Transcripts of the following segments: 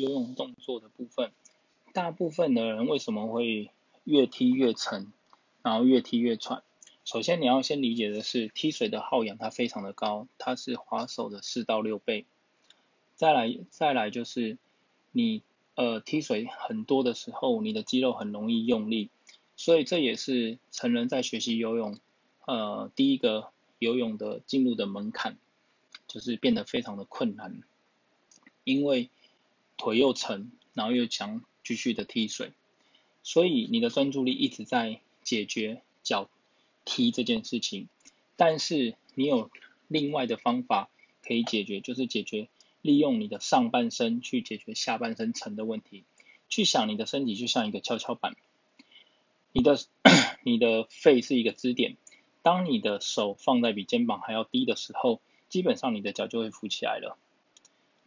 游泳動作的部分，大部分的人為什麼會越踢越沉，然後越踢越喘？首先你要先理解的是，踢水的耗氧它非常的高，它是划手的四到六倍。再來，再來就是你呃踢水很多的時候，你的肌肉很容易用力，所以這也是成人在學習游泳呃第一個游泳的進入的門檻，就是變得非常的困難，因為。腿又沉，然後又想繼續的踢水，所以你的專注力一直在解決腳踢這件事情。但是你有另外的方法可以解決，就是解決利用你的上半身去解決下半身沉的問題。去想你的身體就像一個蹺蹺板，你的你的肺是一個支點，當你的手放在比肩膀還要低的時候，基本上你的腳就會浮起來了。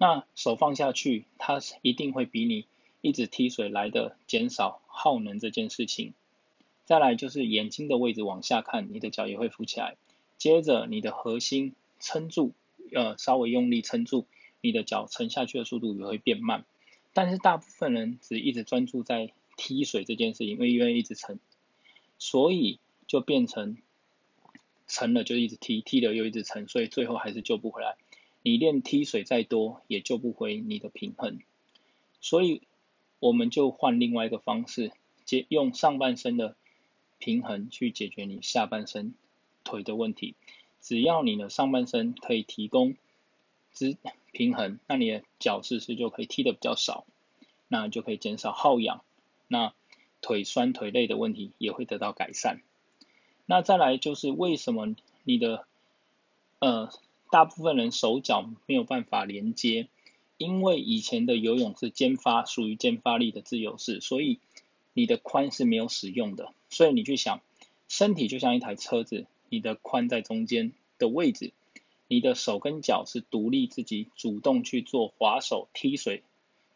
那手放下去，它一定會比你一直踢水來得減少耗能這件事情。再來就是眼睛的位置往下看，你的腳也會浮起來。接着你的核心撐住，呃，稍微用力撐住，你的腳沉下去的速度也會變慢。但是大部分人只一直專注在踢水這件事情，因為因為一直沉，所以就變成沉了就一直踢，踢了又一直沉，所以最後還是救不回來。你練踢水再多，也救不回你的平衡，所以我們就換另外一個方式，用上半身的平衡去解決你下半身腿的問題。只要你的上半身可以提供平衡，那你的腳是不是就可以踢得比較少？那就可以減少耗氧，那腿酸腿累的問題也會得到改善。那再來就是為什麼你的呃？大部分人手腳沒有辦法連接，因為以前的游泳是肩發，屬於肩發力的自由式，所以你的髖是沒有使用的。所以你去想，身體就像一台車子，你的髖在中間的位置，你的手跟腳是獨立自己主動去做划手、踢水，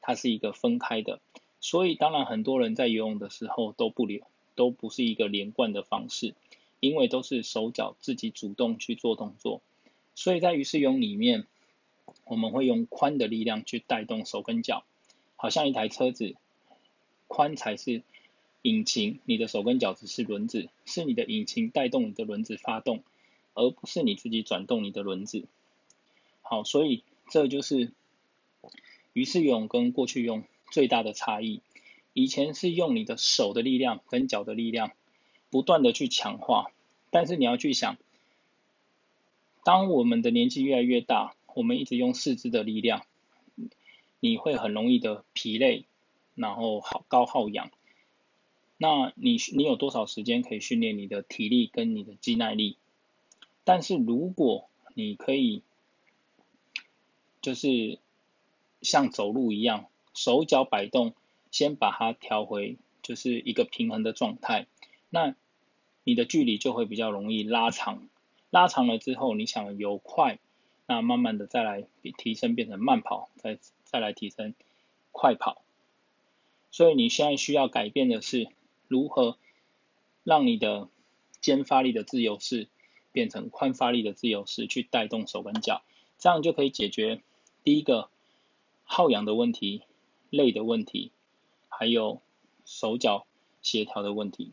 它是一個分開的。所以當然很多人在游泳的時候都不連，都不是一個連貫的方式，因為都是手腳自己主動去做動作。所以在魚式泳裡面，我們會用髖的力量去帶動手跟腳，好像一台車子，髖才是引擎，你的手跟腳只是輪子，是你的引擎帶動你的輪子發動，而不是你自己轉動你的輪子。好，所以這就是魚式泳跟過去用最大的差異，以前是用你的手的力量跟腳的力量不斷的去強化，但是你要去想。當我們的年紀越來越大，我們一直用四肢的力量，你會很容易的疲累，然後好高耗氧。那你你有多少時間可以訓練你的體力跟你的肌耐力？但是如果你可以，就是像走路一樣，手腳擺動，先把它調回就是一個平衡的狀態，那你的距離就會比較容易拉長。拉長了之後，你想由快，那慢慢的再來比提升變成慢跑，再再來提升快跑。所以你現在需要改變的是，如何讓你的肩發力的自由式變成髖發力的自由式去帶動手跟腳，這樣就可以解決第一個耗氧的問題、累的問題，還有手腳協調的問題。